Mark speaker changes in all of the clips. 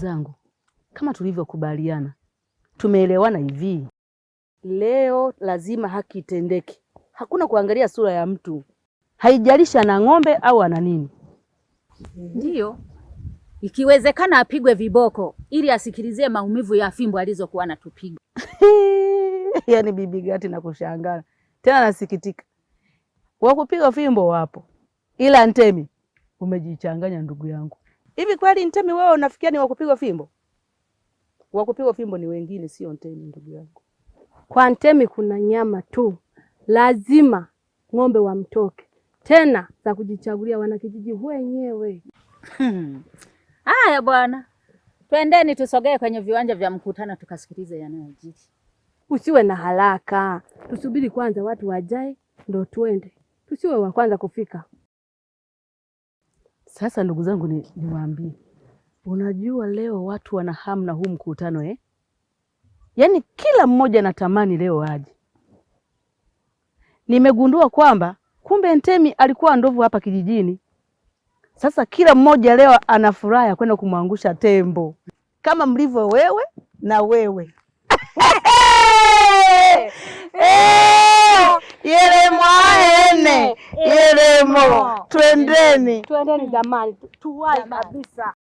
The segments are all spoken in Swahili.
Speaker 1: zangu, kama tulivyokubaliana, tumeelewana hivi, leo lazima haki itendeke. Hakuna kuangalia sura ya mtu, haijalishi ana ng'ombe au ana nini.
Speaker 2: Ndiyo, ikiwezekana apigwe viboko ili asikilizie maumivu ya fimbo alizokuwa anatupiga.
Speaker 1: Yaani bibi Gati, na tena, nasikitika wakupiga fimbo wapo, ila Ntemi umejichanganya ndugu yangu. Hivi kweli Ntemi wewe unafikia ni wakupigwa fimbo? Wakupigwa fimbo ni wengine, sio Ntemi ndugu yangu.
Speaker 3: Kwa Ntemi kuna nyama tu, lazima ng'ombe wamtoke, tena za kujichagulia wanakijiji wenyewe.
Speaker 2: Hmm. Haya bwana, twendeni tusogee kwenye viwanja vya mkutano tukasikilize yanayojiri.
Speaker 3: Usiwe na haraka, tusubiri kwanza watu wajae ndo tuende, tusiwe wa kwanza kufika.
Speaker 1: Sasa ndugu zangu, niwaambie ni unajua, leo watu wana hamu na huu mkutano eh? Yaani kila mmoja anatamani leo aje. Nimegundua kwamba kumbe Ntemi alikuwa ndovu hapa kijijini. Sasa kila mmoja leo ana furaha ya kwenda kumwangusha tembo kama mlivyo wewe na wewe. Hey! Hey! Yeremo ene Yeremo, eh, eh, twendeni
Speaker 3: twendeni jamani, tuwai kabisa.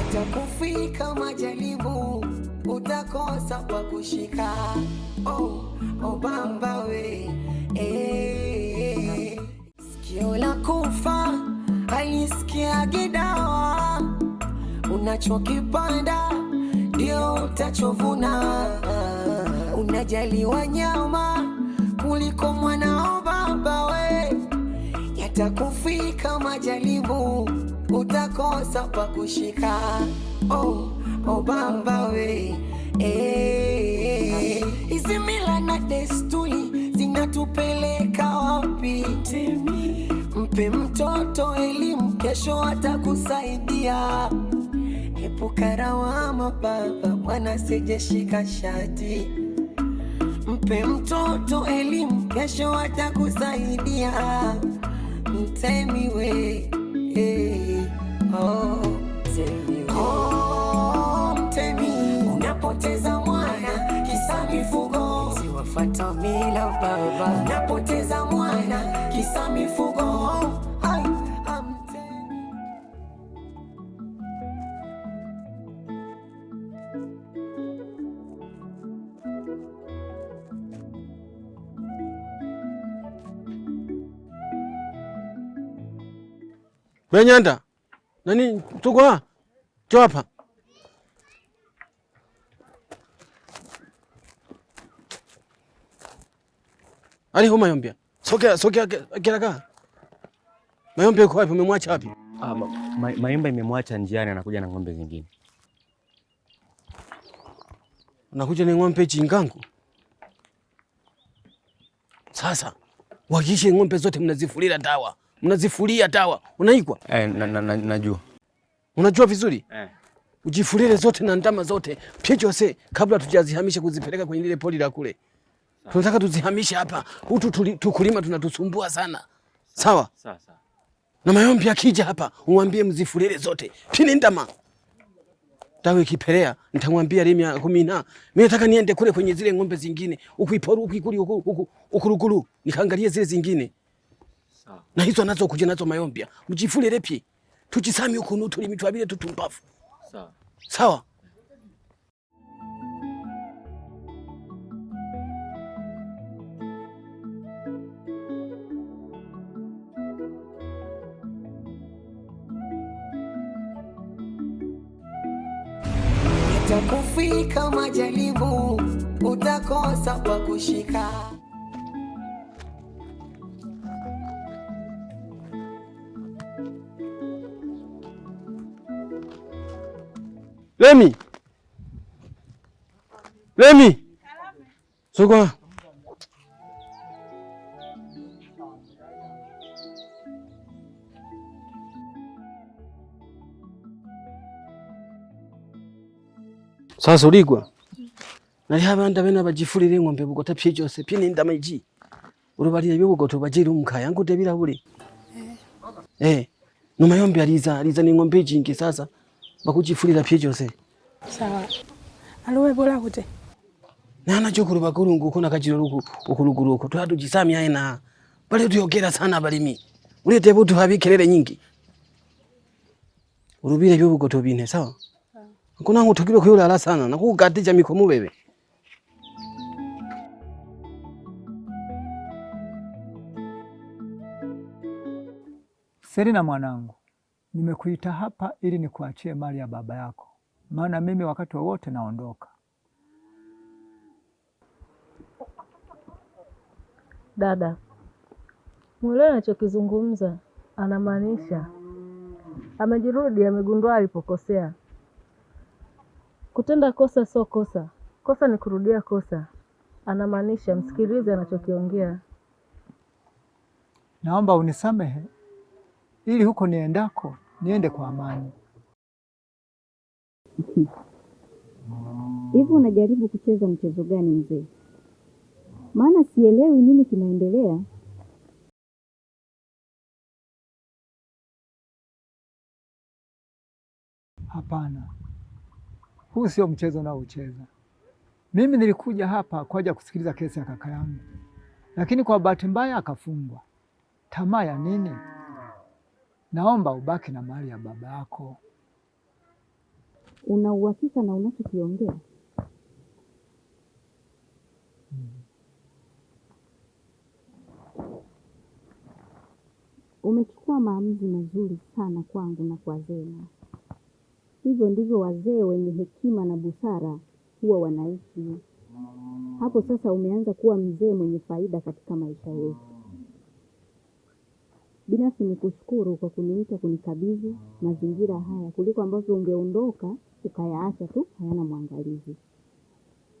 Speaker 3: Itakufika majaribu, utakosa pa kushika. Oh, obamba oh, we eh, eh, sikio la kufa halisikiagi dawa unachokipanda ndio utachovuna. Unajali wanyama kuliko mwanao baba we, yatakufika majaribu utakosa pa kushika. Oh, oh baba we hizi eh, hizi mila na desturi zinatupeleka wapi? Mpe mtoto
Speaker 4: elimu, kesho atakusaidia. Epuka lawama baba, mwana sijeshika shati. Mpe mtoto elimu, kesho atakusaidia. Mtemi we, hey, eh, oh, oh unapoteza mwana kisa mifugo, siwafata mila baba Benyanda nani tukwa chapa ali homa yombia sokea sokea kiraka Mayombe yuko wapi? Umemwacha wapi?
Speaker 5: Ah, ma, mayomba imemwacha njiani anakuja na ng'ombe zingine.
Speaker 4: Anakuja ni ng'ombe chingangu. Sasa wakishe ng'ombe zote mnazifulira dawa mnazifulia tawa unaikwa
Speaker 5: eh, na, na, na, najua
Speaker 4: unajua vizuri eh. Ujifulile zote na ndama zote pyejose kabla tujazihamisha kuzipeleka kwenye ile poli la kule. Tunataka tuzihamishe hapa. utu tukulima tunatusumbua sana. sa. Sawa? Sawa sawa. Na mayombi akija hapa umwambie mzifulile zote. Pini ndama. tawe kipelea nitamwambia limia kumina. Mimi nataka niende kule kwenye zile ng'ombe zingine. Ukuiporu ukikuli ukuruguru. Nikangalie zile zingine. Ah. na hizo nazo kuja nazo mayombia mjifule lepye tuchisami ukunu tuli mitwabile tutumbavu sawa sawa Utakufika majaribu, utakosa pa kushika. Lemi, Lemi, sogea. Sasa uligwa nali havanda vena vajifulile ng'ombe vukota pye chose pininda maiji ulivalile vyukukota vajili umkaya ngute vilahuli eh. Eh. numayombe aliza aliza ni ng'ombe jingi sasa vakujifulila pye chose
Speaker 6: sawa aluwe bola kuti
Speaker 4: nana chokulupa kulungu kuna kachiloluku ukulukulu uku twatuchisamya ena pali tuyogera sana palimi uletepo tuhapi kelele nyingi ulupile vyovukotopine sawa kuna kunangu uthukile kuyulala sana na nakuukatija mikhomo wewe
Speaker 7: Selina mwanangu, nimekuita hapa ili nikuachie mali ya baba yako maana mimi wakati wowote naondoka.
Speaker 8: Dada mwelewe anachokizungumza, anamaanisha amejirudi, amegundua alipokosea. Kutenda kosa sio kosa, kosa ni kurudia kosa. Anamaanisha msikilize anachokiongea.
Speaker 7: Naomba unisamehe ili huko niendako niende kwa amani.
Speaker 9: Hivi unajaribu kucheza mchezo gani mzee? Maana sielewi nini kinaendelea.
Speaker 7: Hapana, huu sio mchezo unaoucheza. Mimi nilikuja hapa kwa ajili ya kusikiliza kesi ya kaka yangu, lakini kwa bahati mbaya akafungwa. Tamaa ya nini? Naomba ubaki na mali ya baba yako.
Speaker 9: Una uhakika na unachokiongea? Hmm. Umechukua maamuzi mazuri sana kwangu na kwa Zena. Hivyo ndivyo wazee wenye hekima na busara huwa wanaishi. Hapo sasa umeanza kuwa mzee mwenye faida katika maisha yetu. Binafsi ni kushukuru kwa kuniita kunikabidhi mazingira haya kuliko ambavyo ungeondoka ukayaacha tu hayana mwangalizi.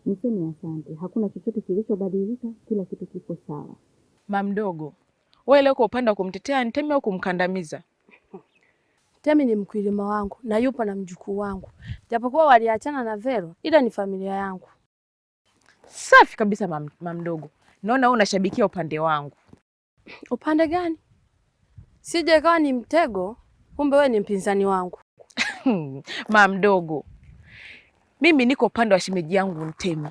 Speaker 9: Niseme asante, hakuna chochote kilichobadilika, kila kitu kiko sawa.
Speaker 2: Mamdogo, wewe leo kwa upande wa kumtetea Ntemi au kumkandamiza?
Speaker 6: Temi ni mkulima wangu na yupo na mjukuu wangu, japokuwa waliachana na Vero, ila ni familia yangu.
Speaker 2: Safi kabisa mam, mamdogo, naona wewe unashabikia upande wangu.
Speaker 6: Upande gani? Sije ikawa ni mtego, kumbe wewe ni mpinzani wangu.
Speaker 2: Mama hmm. mdogo, mimi niko upande wa shemeji yangu Mtemi.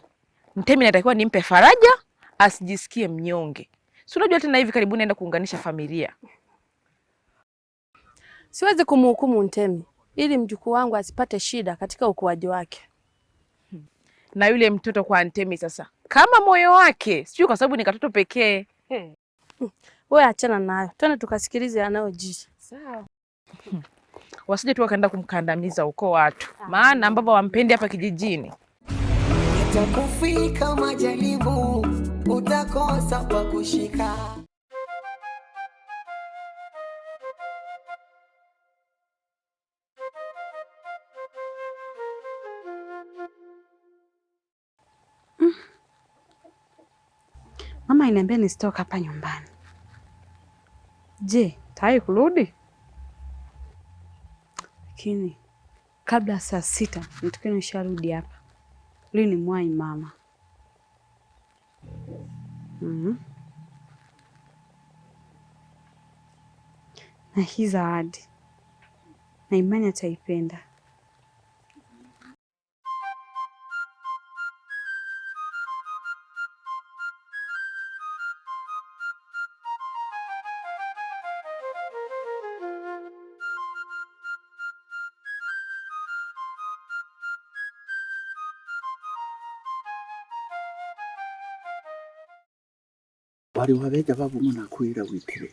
Speaker 2: Mtemi natakiwa nimpe faraja, asijisikie mnyonge. Si unajua tena hivi karibuni naenda kuunganisha familia.
Speaker 6: Siwezi kumhukumu Mtemi ili mjukuu wangu asipate shida katika ukuaji wake. Hmm.
Speaker 2: Na yule mtoto kwa Mtemi sasa, kama moyo wake, sijui kwa sababu ni katoto pekee. Hmm.
Speaker 6: Wewe achana nayo, twende tukasikilize anayojiri.
Speaker 2: Sawa wasije tu wakaenda kumkandamiza uko watu, ah. maana ambavyo wampendi hapa kijijini. Itakufika majaribu, utakosa pa kushika.
Speaker 10: Mm. Mama inaniambia nisitoka hapa nyumbani. Je, tayari kurudi? lakini kabla saa sita nitakuwa nisharudi hapa. Lii ni mwai mama. Mm -hmm. Na hii zawadi na imani ataipenda.
Speaker 11: wabeja babu muna kuira witire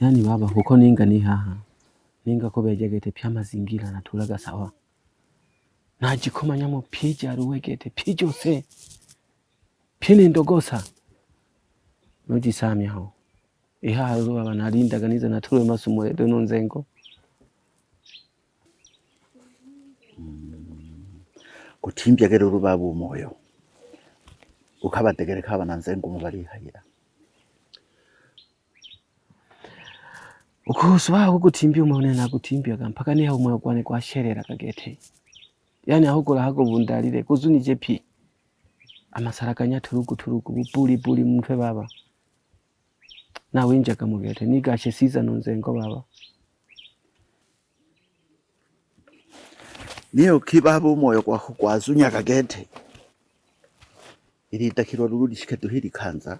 Speaker 11: yani baba huko ninga ni haha ninga ko bejegete pya mazingira tulaga sawa najikomanyamo pija ruwegete pijose pini ndogosa aluwa ihalo ganiza na tulwe natule masumo dono nzengo
Speaker 12: kutimbya gero rubabu moyo ukhabadegereka abananze engoma barihayira ukuhusu baho kugutimbia umaone na kutimbiaga mpaka niha umwe kwane kwa sherera kagete yani aho gola hago bundalire kuzuni jepi amasarakanya turuku turuku buli buli mfe baba na winja gete ni gashe siza nonzengo baba niyo kibabu moyo kwa kwazunya kagete iridakirwa ruguru rishike kanza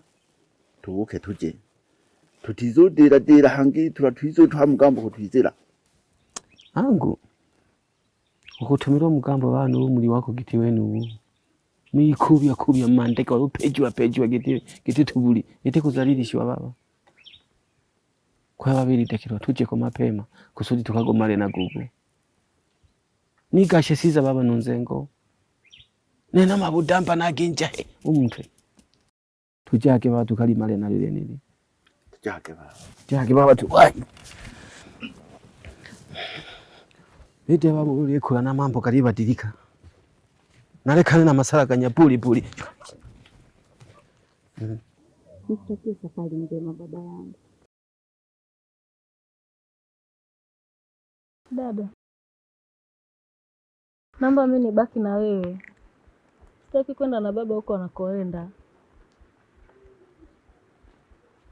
Speaker 12: tubuke tuje tutizodera dira hangi turatuizo tuha mugambo kutwizera
Speaker 11: angu ukutumira mugambo bana uwo muri wako giti wenu mikubya kubya mandeka wa peji wa peji wa giti giti tubuli giti kuzalilishwa baba kwa babiri dakirwa tuje kwa mapema kusudi tukagomare na gugu nigashe siza baba nunzengo nena mabuda mpana ginja he umutwe tujake batu kalimale nalile nili
Speaker 12: tujake baba
Speaker 11: tujake baba tu wayi ite babu ulikula na mambo kalibadilika nalekane na masala kanyapulipuli
Speaker 9: mm. Nikutakie safari njema baba yangu.
Speaker 8: Dada, naomba mimi nibaki na wewe Sitaki kwenda na baba huko anakoenda.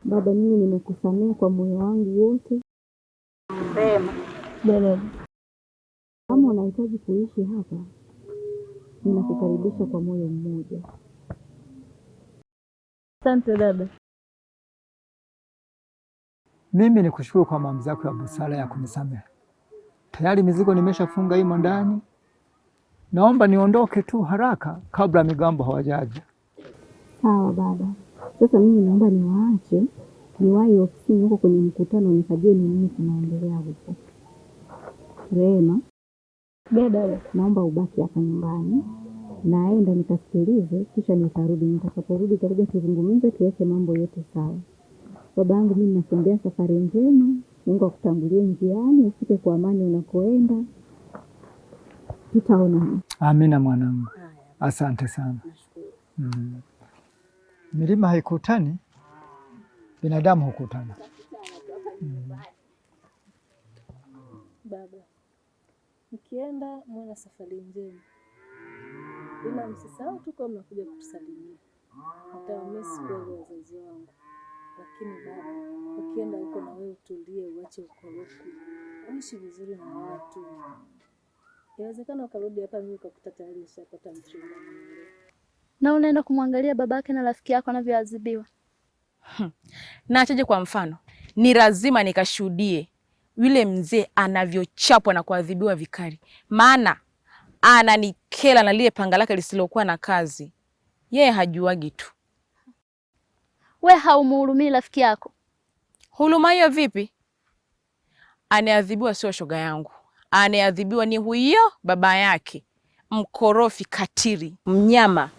Speaker 9: Baba, mimi nimekusamea kwa moyo wangu wote. Baba, kama unahitaji kuishi hapa, ninakukaribisha kwa moyo mmoja.
Speaker 8: Asante dada.
Speaker 7: Mimi nikushukuru kwa maamuzi yako ya busara ya kunisamehe. Tayari mizigo nimeshafunga imo ndani naomba niondoke tu haraka kabla migambo hawajaja.
Speaker 9: Sawa baba, sasa mimi naomba niwaache niwahi ofisini huko kwenye mkutano, nikajue ni nini kinaendelea huko. Rema dada, naomba ubaki hapa nyumbani, naenda nikasikilize, kisha nitarudi. Nitakaporudi karibu tuzungumze, tuweke mambo yote sawa. Baba yangu, mimi nasembea safari njema, Mungu akutangulie njiani, ufike kwa amani unakoenda tutaona.
Speaker 7: Amina mwanangu, asante sana. Mm. Milima haikutani, binadamu hukutana. Mm.
Speaker 8: Baba, mkienda mwana safari njema, ila msisahau tu kwa mnakuja kutusalimia. wamesi kwa wazazi wangu, lakini baba, ukienda huko na wewe utulie, uache ukoroku, uishi vizuri na watu Inawezekana ukarudi hapa mimi ukakuta tayari nishapata mchumba.
Speaker 6: Na unaenda kumwangalia babake na rafiki yako anavyoadhibiwa.
Speaker 2: Hmm. Na achaje kwa mfano? Ni lazima nikashuhudie yule mzee anavyochapwa na kuadhibiwa vikali. Maana ananikela na lile panga lake lisilokuwa na kazi. Yeye hajuagi tu.
Speaker 6: We haumuhurumii rafiki yako.
Speaker 2: Huruma hiyo vipi? Anaadhibiwa sio shoga yangu anayeadhibiwa ni huyo baba yake, mkorofi, katiri, mnyama.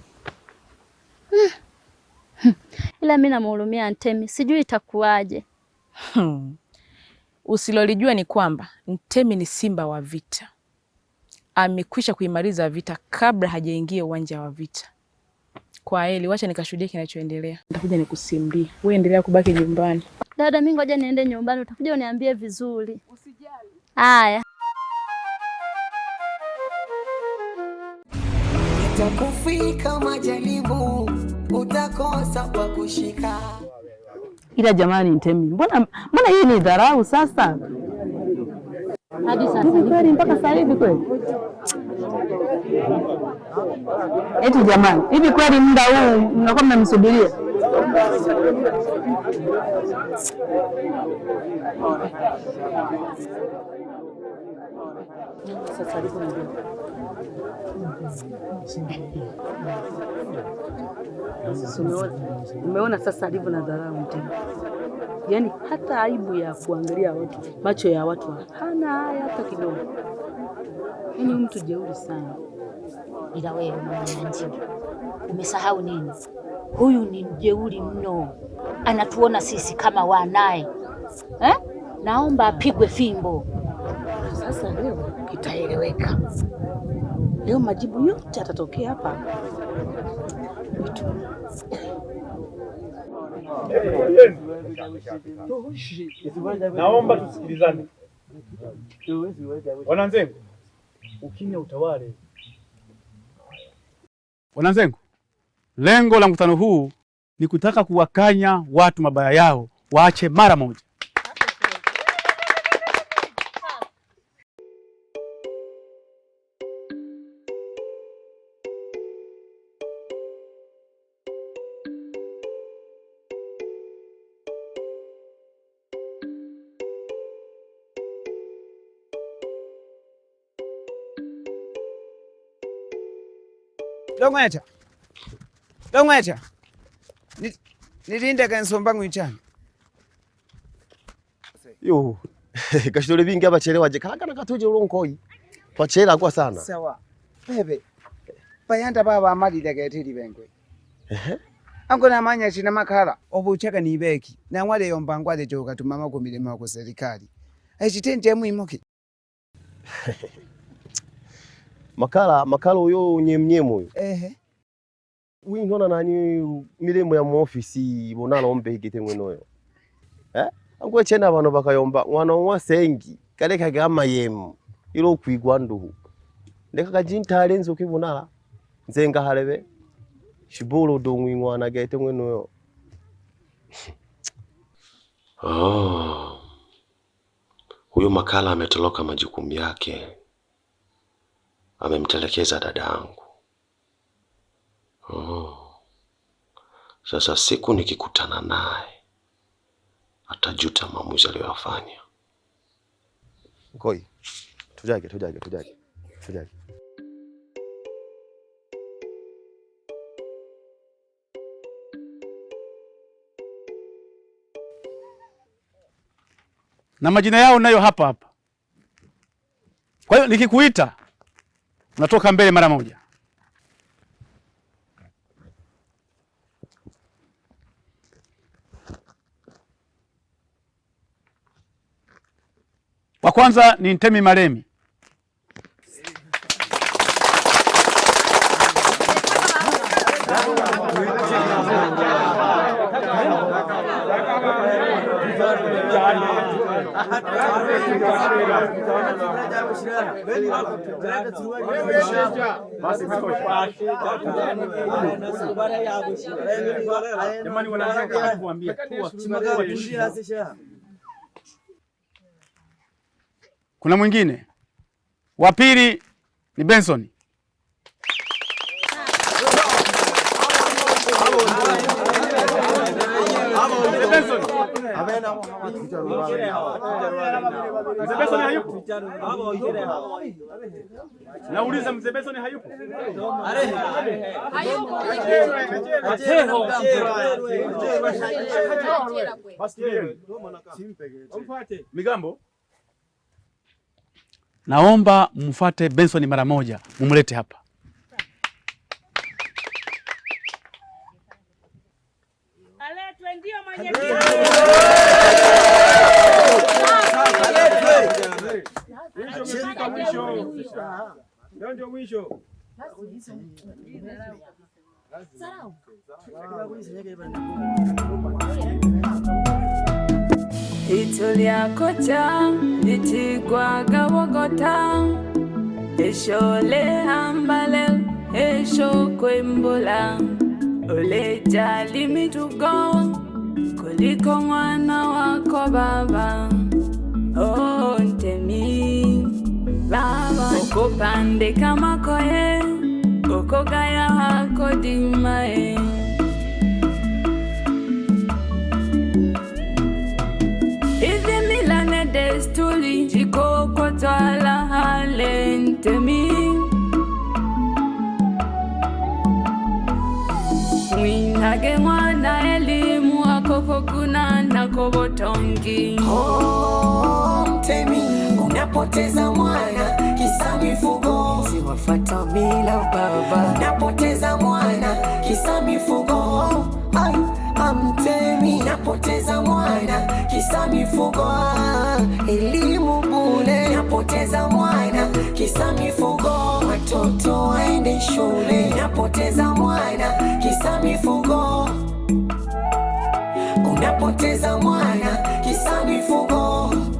Speaker 2: Eh.
Speaker 6: hmm. Ila mi namhurumia Ntemi, sijui itakuwaje.
Speaker 2: hmm. Usilolijua ni kwamba Ntemi ni simba wa vita, amekwisha kuimaliza vita kabla hajaingia uwanja wa vita. Kwa heli, wacha nikashuhudia kinachoendelea.
Speaker 1: Nitakuja nikusimulie, we endelea kubaki nyumbani.
Speaker 6: Dada, mi ngoja niende nyumbani, utakuja uniambie vizuri.
Speaker 2: Usijali.
Speaker 6: Haya. Utakufika
Speaker 1: majaribu, utakosa pa kushika. Ila jamani, Ntemi, mbona mbona hii ni dharau sasa? Hadi sasa kweli mpaka sasa hivi kweli, eti jamani, hivi kweli muda huu mnakuwa mnamsubiria? Sasa hivi ndio Umeona sasa alivyo na dharau tena, yaani hata aibu ya kuangalia watu, macho ya watu hana haya hata kidogo. Yaani mtu jeuri sana.
Speaker 2: Ila wewe Mwananchi, umesahau nini? Huyu ni mjeuri mno, anatuona sisi kama wanaye eh? Naomba apigwe fimbo
Speaker 1: sasa, leo kitaeleweka leo majibu yote yatatokea hapa.
Speaker 13: Naomba tusikilizane, wananzengu,
Speaker 14: ukimya utawale.
Speaker 13: Wananzengu, lengo la mkutano huu ni kutaka kuwakanya watu mabaya yao waache mara moja.
Speaker 15: longwetha longwetha nilinde kensomba ngwichana
Speaker 16: yo kashitole bingi abachelewaje kalagana katuje ulonkoyi twachela sana
Speaker 15: sawa bebe bayanda baba amalile ketili ango namanya china makhala obuchaka nibeki namwale yomba ngwale joka tumama kumilimo kwa serikali aichitenje
Speaker 16: makala makala uyo unyemnyemu uyo ehe winona nani milimo ya muofisi bonalombegete mwenoyo eh angwechena bano bakayomba mwana wasengi kaleka gamayemu ilo kwigwa nduhu ndeka kajintale nzo kibunala nzenga halebe shibulu dongwi mwana gete mwenoyo oh ah. huyo makala ametoloka majukumu yake amemtelekeza dada yangu. Oh. Sasa siku nikikutana naye atajuta maamuzi aliyoyafanya. Ngoi. Tujage, tujage, tujage. Tujage.
Speaker 13: Na majina yao nayo hapa hapa. Kwa hiyo nikikuita Natoka mbele mara moja. Wa kwanza ni Ntemi maremi Kuna mwingine wa pili ni Benson. Benson. Mzee Benson hayupo? Nauliza Mzee Benson hayupo? Migambo, naomba mfuate Benson mara moja, mumlete hapa. Aletwe, ndio mwenyekiti.
Speaker 17: Ndio, ndio mwisho. Itulyakoca litigwaga wogota esholehambale eshokwembula uleja limitugo kuliko mwana wako baba oh kopandeka makoye kokogaya hakodimae izi mila na desturi jikokotwala halentemi mwinage mwana elimu akokokuna nakobotongi oh, mtemi unapoteza mwana kisa mifugo, siwafuata mila baba, napoteza mwana kisa mifugo, amtemi napoteza mwana kisa mifugo, elimu bule, napoteza mwana kisa mifugo, watoto waende shule, napoteza mwana kisa mifugo unapoteza mwana kisa mifugo